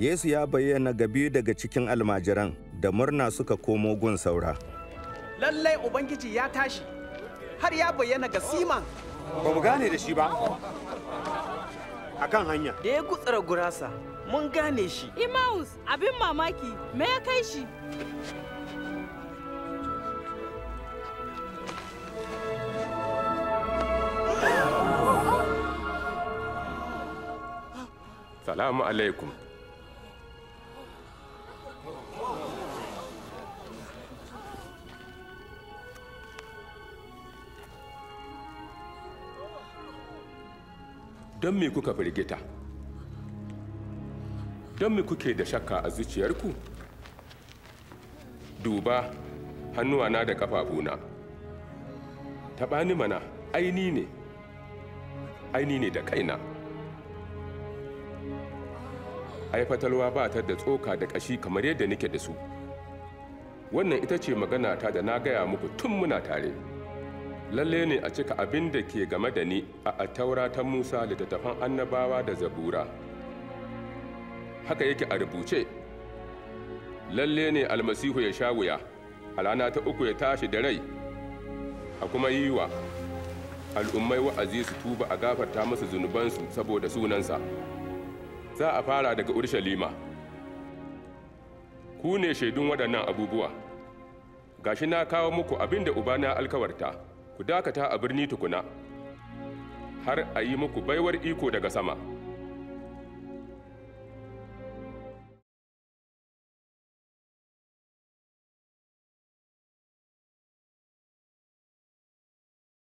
Yesu ya bayyana ga biyu daga cikin almajiran da murna suka komo gun saura. Lallai Ubangiji ya tashi, har ya bayyana ga Siman. Ba mu gane da shi ba, a kan hanya. Da ya gutsara gurasa, mun gane shi. Imaus, abin mamaki, me ya kai shi? Salamu alaikum. don me kuka firgita don me kuke da shakka a zuciyarku duba hannuwa na da ƙafafuna taɓani ni mana aini ne aini ne da kaina ai fatalwa ba ta da tsoka da ƙashi kamar yadda nake da su wannan ita ce magana ta da na gaya muku tun muna tare lalle ne a cika abin da ke game da ni a attaura ta Musa littattafan annabawa da zabura. Haka yake a rubuce, lalle ne almasihu ya sha wuya, a rana ta uku ya tashi da rai, a kuma yi wa al'ummai wa'azi su tuba a gafarta masu zunubansu saboda sunansa. Za a fara daga Urshalima. Ku ne shaidun waɗannan abubuwa, gashi na kawo muku abin da Ubana alkawarta. ku dakata a birni tukuna har a yi muku baiwar iko daga sama.